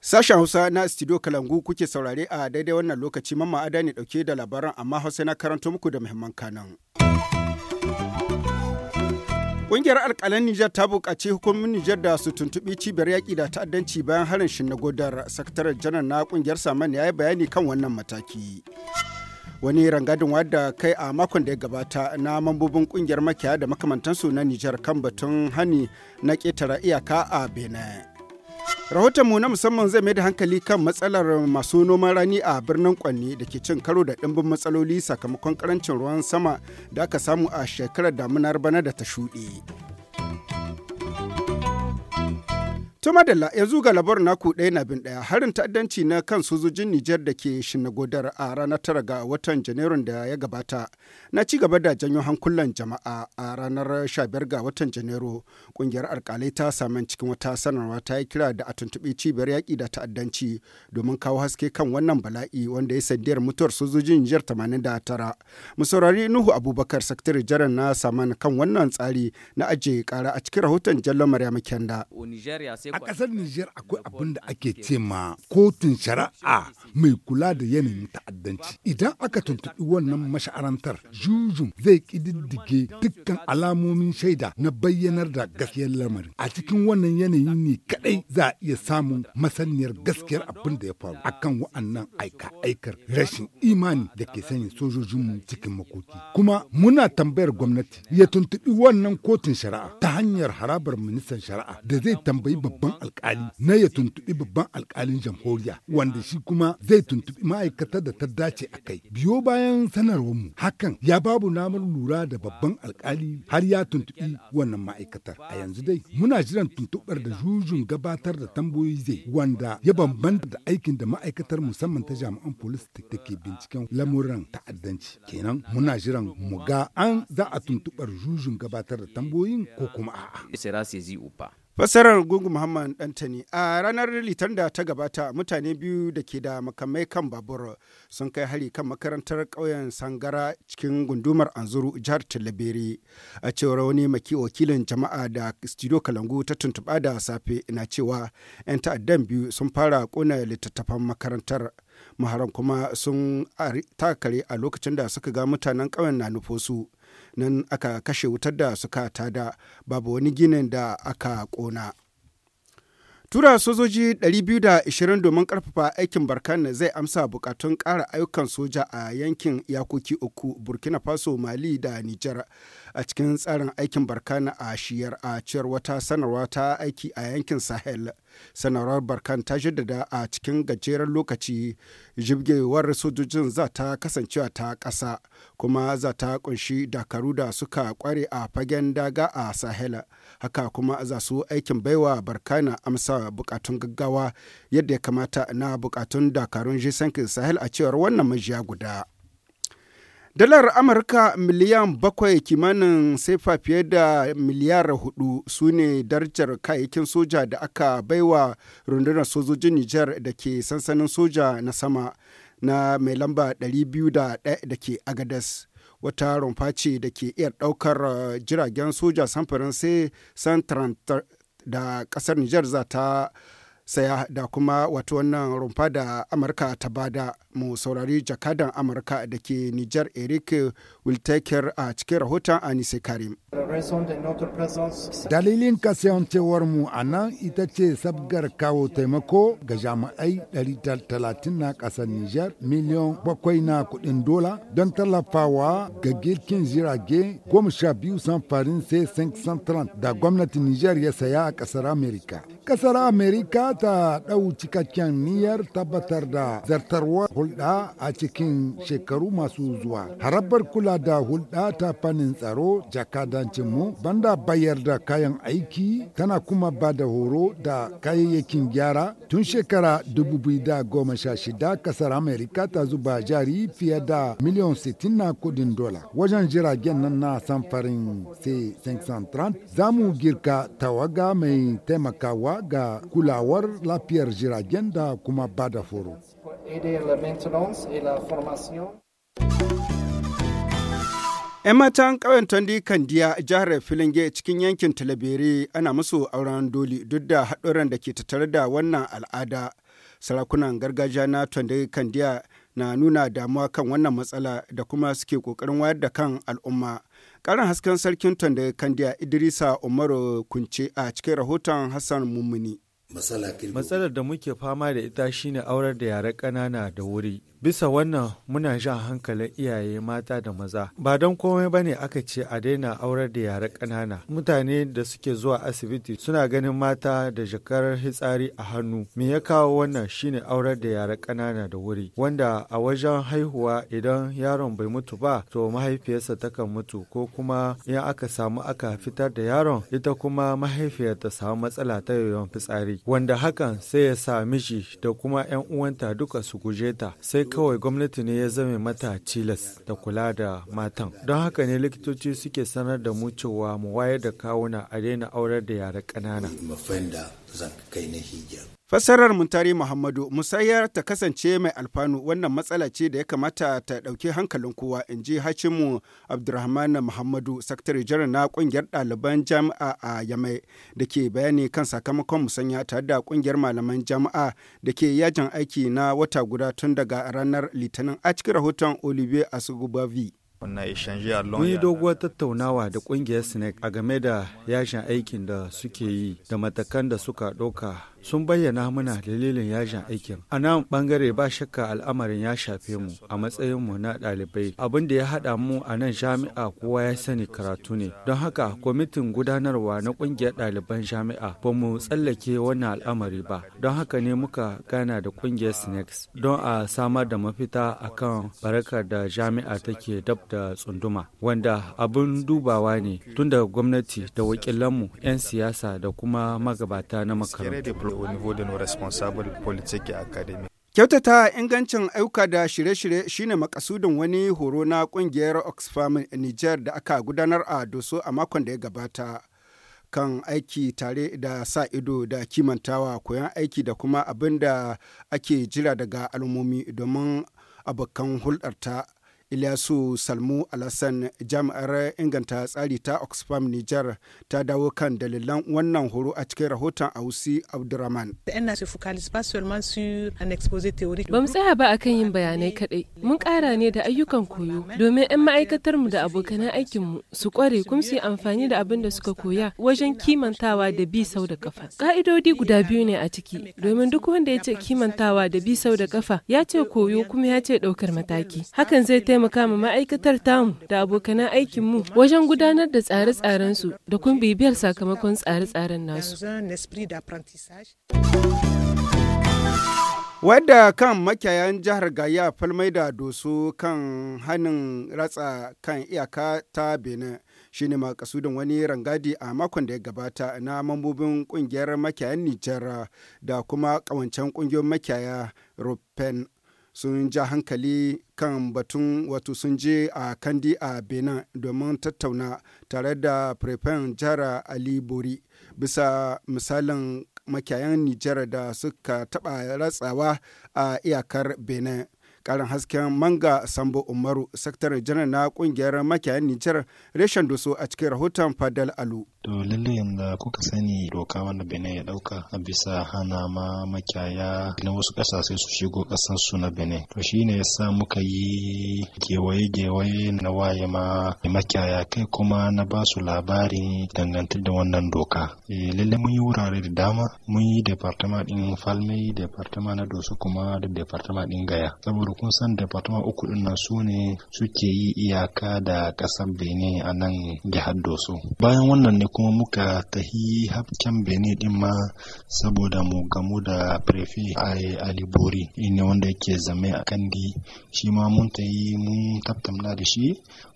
Sashen Hausa na studio Kalangu kuke saurare a daidai wannan lokaci mamma ada ne dauke da labaran amma Hausa na karanto muku da muhimman kanan. Ƙungiyar alƙalan Nijar ta buƙaci hukumomin Nijar da su tuntuɓi cibiyar yaƙi da ta'addanci bayan harin shin na godar. Sakataren janar na ƙungiyar Saman ya yi bayani kan wannan mataki. Wani rangadin wadda kai a makon da ya gabata na mambobin ƙungiyar makiya da makamantansu na Nijar kan batun hani na ƙetare iyaka a Benin. Rahotonmu na musamman zai mai da hankali kan matsalar masu noman rani a birnin kwanne da ke cin karo da ɗimbin matsaloli sakamakon karancin ruwan sama da aka samu a shekarar damunar bana da ta shuɗe. Tuma da yanzu ga labar naku ɗaya na bin ɗaya harin ta'addanci na kan sojojin Nijar da ke Shinagodar a ranar tara ga watan Janairun da ya gabata na ci gaba da janyo hankulan jama'a a ranar 15 ga watan Janairu ƙungiyar alƙalai ta sami cikin wata sanarwa ta yi kira da a tuntuɓi cibiyar yaƙi da ta'addanci domin kawo haske kan wannan bala'i wanda ya sandiyar mutuwar sojojin Nijar 89. Mu saurari Nuhu Abubakar sakatare jiran na saman kan wannan tsari na ajiye kara a cikin rahoton Jallo Maryam Kenda. a ƙasar Nijar akwai abin da ake ce ma kotun shari'a mai kula da yanayin ta'addanci. Idan aka tuntuɓi wannan masha'arantar, jujun zai ƙididdige dukkan alamomin shaida na bayyanar da gaskiyar lamarin. A cikin wannan yanayi ne kadai za a iya samun masaniyar gaskiyar abin da ya faru akan wa'annan aika-aikar rashin imani da ke sanya sojojinmu cikin makoki. Kuma muna tambayar gwamnati ya tuntuɓi wannan kotun shari'a ta hanyar harabar ministan shari'a da zai tambayi babban babban alkali na ya tuntubi babban alkalin jamhuriya wanda shi kuma zai tuntubi ma'aikatar da ta dace a kai biyo bayan sanarwar mu hakan ya babu namar lura da babban alkali har ya tuntubi wannan ma'aikatar a yanzu dai muna jiran tuntuɓar da jujun gabatar da tambayoyi zai wanda ya bambanta da aikin da ma'aikatar musamman ta jami'an polis da ke binciken lamuran ta'addanci kenan muna jiran mu ga an za a tuntuɓar jujun gabatar da tambayoyin ko kuma a'a. Fassarar Gungu Muhammad Dantani a ranar litan da ta gabata mutane biyu da ke da makamai kan babur sun kai hari kan makarantar ƙauyen Sangara cikin gundumar Anzuru jihar Talabere. A cewar wani maki wakilin jama'a da studio Kalangu ta tuntuɓa da safe na cewa 'yan ta'addan biyu sun fara ƙona littattafan makarantar. maharan kuma sun takare a lokacin da suka ga mutanen ƙauyen na nufosu nan aka kashe wutar da suka tada babu wani ginin da aka ƙona. Tura sojoji 220 domin karfafa aikin Barkan zai amsa bukatun ƙara ayyukan soja a yankin yakoki uku Burkina Faso, Mali da Nijar a cikin tsarin aikin barkan a shiyar a ciyar wata sanarwa ta aiki a yankin sahel sanarwar barkan ta jaddada a cikin gajeren lokaci jibgewar sojojin za ta kasancewa ta ƙasa kuma za ta kunshi dakaru da suka kware a fagen daga a sahel haka kuma za su aikin baiwa barkana amsa bukatun gaggawa yadda ya kamata na bukatun dakarun jisankin sahel a cewar wannan majiya guda. Dalar Amurka miliyan bakwai kimanin saifa fiye da miliyar hudu su ne darajar kayayyakin soja da aka baiwa rundunar sojojin Nijar da ke sansanin soja na sama na mai lamba 201 da ke Agadas. Wata rumfa ce da ke iya ɗaukar uh, jiragen soja samfurin sai san da ƙasar Nijar za ta saya da kuma wato wannan rumfa da amurka ta bada mu saurari jakadan amurka da ke nijar eric wiltaker a cikin rahoton anise karim dalilin kasancewar mu a nan ita ce sabgar kawo taimako ga jami'ai 130 na kasar nijar miliyan bakwai na kudin dola don tallafawa ga girkin jirage 12 san farin sai 530 da gwamnatin nijar ya saya a ƙasar amerika Kasar Amerika ta ɗau cikakken niyyar tabbatar da zartarwar hulɗa a cikin shekaru masu zuwa. Harabar kula da hulɗa ta fannin tsaro jakadancinmu banda bayar da kayan aiki tana kuma ba da horo da kayayyakin gyara. Tun shekara 2016 kasar Amerika ta zuba jari fiye da miliyan 60 na kudin dola. Wajen jiragen nan na samfarin C530 za mu girka tawaga mai taimakawa taimakawa ga kulawar lafiyar jiragen da kuma bada foro. ‘Yan matan ƙauyen Tondi Kandiya jihar Filinge cikin yankin Talabere ana musu auren doli duk da haɗuran da ke tattare da wannan al'ada. Sarakunan gargajiya na Tondi Kandiya na nuna damuwa kan wannan matsala da kuma suke ƙoƙarin wayar da kan al'umma. Karin hasken sarkin Tonda Kandiya Idrisa Umaru Kunce a cikin rahoton Hassan Mummuni. matsalar da muke fama da ita shine aurar da yara ƙanana da wuri Bisa wannan muna jan hankalin iyaye mata da maza. Ba don komai ba ne aka ce a daina aurar da yara ƙanana. Mutane da suke zuwa asibiti suna ganin mata da jakar hitsari a hannu. Me ya kawo wannan shine aurar da yara ƙanana da wuri. Wanda a wajen haihuwa idan yaron bai mutu ba to mahaifiyarsa takan mutu ko kuma in aka samu aka fitar da yaron ita kuma mahaifiyar ta samu matsala ta yoyon fitsari. Wanda hakan sai ya sa miji da kuma 'yan uwanta duka su guje ta sai kawai gwamnati ne ya zame mata tilas da kula da matan. Don haka ne likitoci suke sanar da mu cewa mu wayar da kawuna a daina aurar da yara ƙanana. Fassarar Muntari Muhammadu musayar ta kasance mai alfanu wannan matsala ce da ya kamata ta ɗauki hankalin kowa in ji Hashimu Abdurrahman Muhammadu sakatare jiran na ƙungiyar ɗaliban jami'a a Yamai da ke bayani kan sakamakon musanya tare da ƙungiyar malaman jami'a da ke yajin aiki na wata guda tun daga ranar Litinin a cikin rahoton Olivier Asugubavi. Mun yi doguwar tattaunawa da ƙungiyar SNEC a game da yashin aikin da suke yi da matakan da suka ɗauka sun bayyana mana dalilin yajin aikin. A nan bangare ba shakka al'amarin ya shafe mu a matsayin mu na ɗalibai. Abin da ya haɗa mu a nan jami'a kowa ya sani karatu ne. Don haka kwamitin gudanarwa na ƙungiyar ɗaliban jami'a ba mu tsallake wannan al'amari ba. Don haka ne muka gana da ƙungiyar SNEX don a samar da mafita akan barakar da jami'a take dab da tsunduma wanda abin dubawa ne tunda gwamnati da wakilanmu 'yan siyasa da kuma magabata na makarantu. au niveau de nos responsables politiques et académiques. Kyautata ingancin ayyuka da shirye-shirye shine makasudin wani horo na kungiyar Oxfam Niger da aka gudanar a Doso a makon da ya gabata. kan aiki tare da sa ido da kimantawa koyon aiki da kuma abin da ake jira daga al'ummomi domin abokan hulɗarta Ilyasu Salmu Alassan jami'ar inganta tsari ta Oxfam Niger ta dawo kan dalilan wannan horo a cikin rahoton Ausi Abdurrahman. Ba mu tsaya ba akan yin bayanai kadai Mun kara ne da ayyukan koyo domin 'yan ma'aikatar mu da abokan mu su kware kuma su yi amfani da abin da suka koya wajen kimantawa da bi sau da kafa. Ƙa'idodi guda biyu ne a ciki domin duk wanda ya ce kimantawa da bi sau da kafa ya ce koyo kuma ya ce ɗaukar mataki. Hakan zai taimaka ma ma'aikatar tamu da abokanan aikinmu wajen gudanar da tsare tsaren su da kun bibiyar sakamakon tsare-tsaren nasu. Wadda kan makiyayan jihar Gaya falmai da doso kan hannun ratsa kan iyaka ta Benin shi ne makasudin wani rangadi a makon da ya gabata na mambobin kungiyar makiyayan Nijar da kuma kawancen kungiyoyin makiyaya Rupen sun ja hankali kan batun wato sun je a kandi a benin domin tattauna tare da prefen jara ali bori bisa misalin makiyayan nijar da suka taɓa ratsawa a iyakar benin Karin hasken Manga Sambo Umaru, sektar janar na kungiyar makiyayin Nijar reshen doso a cikin rahoton Fadal Alu. To lalle yanda kuka sani doka wanda Benin ya dauka a bisa hana ma makiyaya na wasu kasashe su shigo kasar su na Benin. To shine yasa muka yi gewaye gewaye na waye ma makiyaya kai kuma na ba su labarin dangantar da wannan doka. Lallai eh, lalle mun yi wurare da dama mun yi departama din Falmai departama na Doso kuma da departama din Gaya. Saboda saboda kun san department uku din nan su ne suke yi iyaka da kasar benin a nan jihar doso bayan wannan ne kuma muka tahi hafken benin din ma saboda mu gamu da prefe alibori ne wanda yake zame a kandi shi ma mun tayi mun tattauna da shi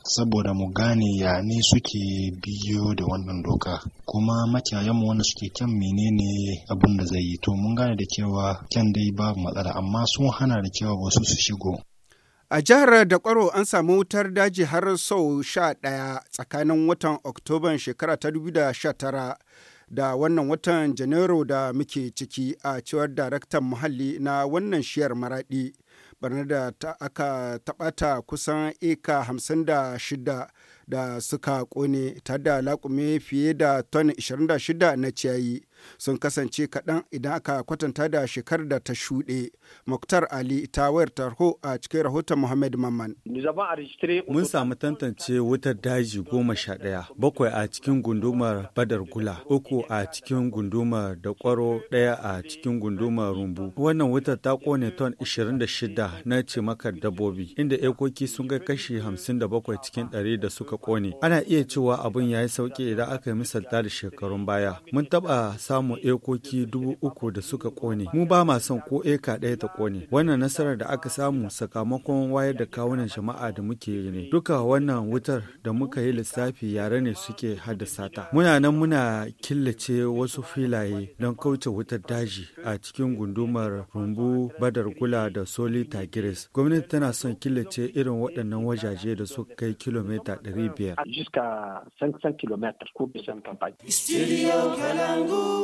saboda mu gane ya ne suke biyo da wannan doka kuma makiyayanmu wanda suke kyan menene abin da zai yi to mun gane da cewa kyan dai babu matsala amma sun hana da cewa wasu su shigo a jihar da kwaro an samu wutar daji har sau sha ɗaya tsakanin watan oktoban shekara ta 2019 da wannan watan janairu da muke ciki a cewar daraktan muhalli na wannan shiyar maraɗi barna da aka aka taɓata kusan eka 56 da suka kone ta da laƙume fiye da ton 26 na ciyayi sun kasance kaɗan idan aka kwatanta da shekarar da ta shuɗe. Muktar Ali ta wayar tarho a cikin rahoton Muhammad Mamman. Mun samu tantance wutar daji goma sha ɗaya, bakwai a cikin gundumar Badar Gula, uku a cikin gundumar da kwaro ɗaya a cikin gundumar Rumbu. Wannan wutar ta kone ton 26 na cimakar dabbobi, inda ekoki sun kai kashi 57 cikin 100 da suka kone. Ana iya cewa abun ya yi sauƙi idan aka yi misalta da shekarun baya. Mun taɓa samu ekoki dubu uku da suka kone. Mu ba ma son ko eka ɗaya ta kone. Wannan nasarar da aka samu sakamakon wayar da kawunan jama'a da muke yi ne. Duka wannan wutar da muka yi lissafi yare ne suke haddasa ta. Muna nan muna killace wasu filaye don kauce wutar daji a cikin gundumar rumbu badar gula da soli tagiris. Gwamnati tana son killace irin waɗannan wajaje da suka kai kilomita 500. Studio Kalangu.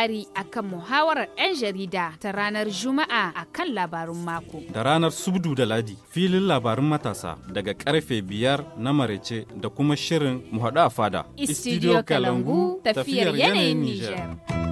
labari akan muhawarar 'yan jarida ta ranar Juma'a a kan labarun mako. Da ranar Subdu da Ladi filin labarun matasa daga karfe biyar na marece da kuma shirin mu a fada. Istidiyo Kalangu tafiyar yanayin Nijar.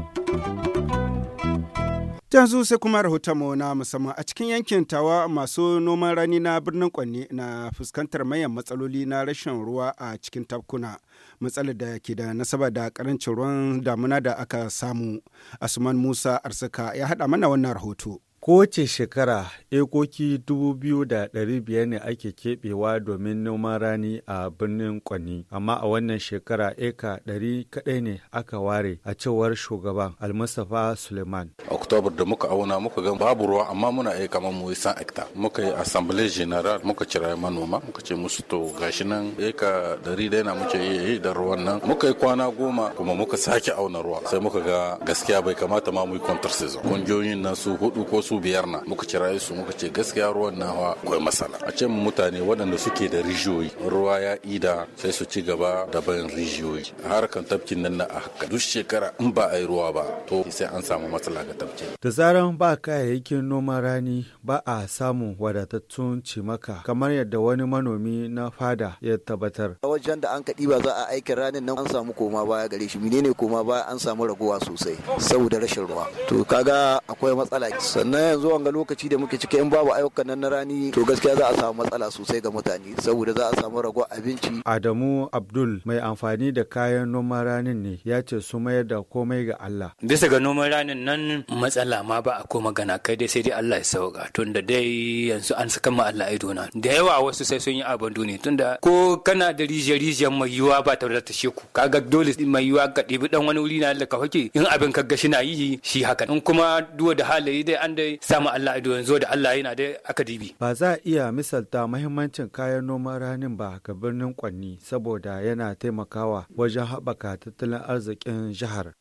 yanzu sai kuma rahotonmu na musamman a cikin yankin tawa masu noman rani na birnin kwanne na fuskantar manyan matsaloli na rashin ruwa a cikin tabkuna matsalar da ke da nasaba da karancin ruwan damuna da aka samu asuman musa arsika ya haɗa mana wannan rahoto Kowace shekara, ekoki 2,500 ne ake keɓewa domin noman rani a birnin Kwani, amma a wannan shekara eka 100 kadai ne aka ware a cewar shugaban almasafa Suleiman. Oktobar da muka auna muka gan babu ruwa amma muna iya kamar mu san ekta Muka yi assemblée general muka cira manoma muka ce musu to gashi nan eka 100 na muke yi da ruwan nan. Muka yi kwana goma kuma muka sake auna ruwa sai muka ga gaskiya bai kamata ma mu yi counter season. Kungiyoyin nan su hudu ko su biyar na muka kira su muka ce gaskiya ruwan hawa akwai matsala a ce mutane waɗanda suke da rijiyoyi ruwa ya ida sai su ci gaba da bayan rijiyoyi harkan tafkin nan na a haka duk shekara in ba a yi ruwa ba to sai an samu matsala ga tafkin da zaran ba kayayyakin noma rani ba a samu wadatattun cimaka kamar yadda wani manomi na fada ya tabbatar wajen da an kaɗi ba za a aikin ranin nan an samu koma baya gare shi menene koma baya an samu raguwa sosai saboda rashin ruwa to kaga akwai matsala sannan na yanzu wanga lokaci da muke ciki in babu ayyukan nan na rani to gaskiya za a samu matsala sosai ga mutane saboda za a samu rago abinci Adamu Abdul mai amfani da kayan noman ranin ne ya ce su mayar da komai ga Allah bisa ga noman ranin nan matsala ma ba a ko magana kai dai sai dai Allah ya sauka tunda dai yanzu an saka ma Allah ido na da yawa wasu sai sun yi abin duniya tunda ko kana da rijiyar rijiyar mai yiwa ba ta da ta ku kaga dole mai yiwa ka ɗibi dan wani wuri na Allah ka hake in abin ka gashi na yi shi haka in kuma duwa da halaye dai an da dai samu Allah ido yanzu da Allah yana da akadibi. ba za a iya misalta muhimmancin kayan noman ranin ba ga birnin Kwanni saboda yana taimakawa wajen haɓaka tattalin arzikin jihar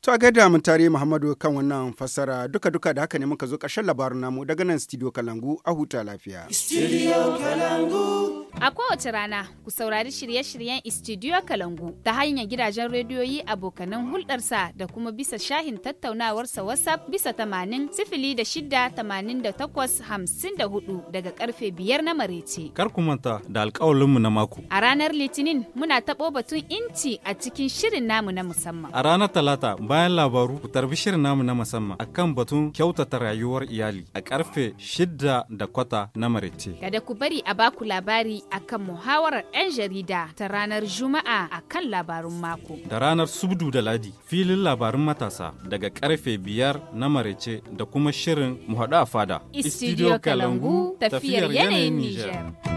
To a gaida mu tare Muhammadu kan wannan fassara duka duka da haka ne muka zo ƙarshen labarin namu daga nan Studio Kalangu a huta lafiya. Studio Kalangu. A kowace rana ku saurari shirye-shiryen Studio Kalangu ta hanyar gidajen rediyoyi abokanan hulɗarsa da kuma bisa shahin tattaunawarsa WhatsApp bisa tamanin sifili da shida tamanin da takwas hamsin da hudu daga karfe biyar na marece. Kar ku manta da alƙawalinmu na mako. A ranar Litinin muna taɓo batun inci a cikin shirin namu na musamman. A ranar Talata bayan labaru ku tarbi shirin namu na musamman a kan batun kyautata rayuwar iyali a karfe shidda da kwata na marece. Kada ku bari a baku labari akan muhawarar 'yan jarida ta ranar Juma'a a kan labarun mako. Da ranar Subdu da Ladi filin labarun matasa daga karfe biyar na marece da kuma shirin mu haɗu a fada. Istidiyo Kalangu tafiyar yanayin Nijar.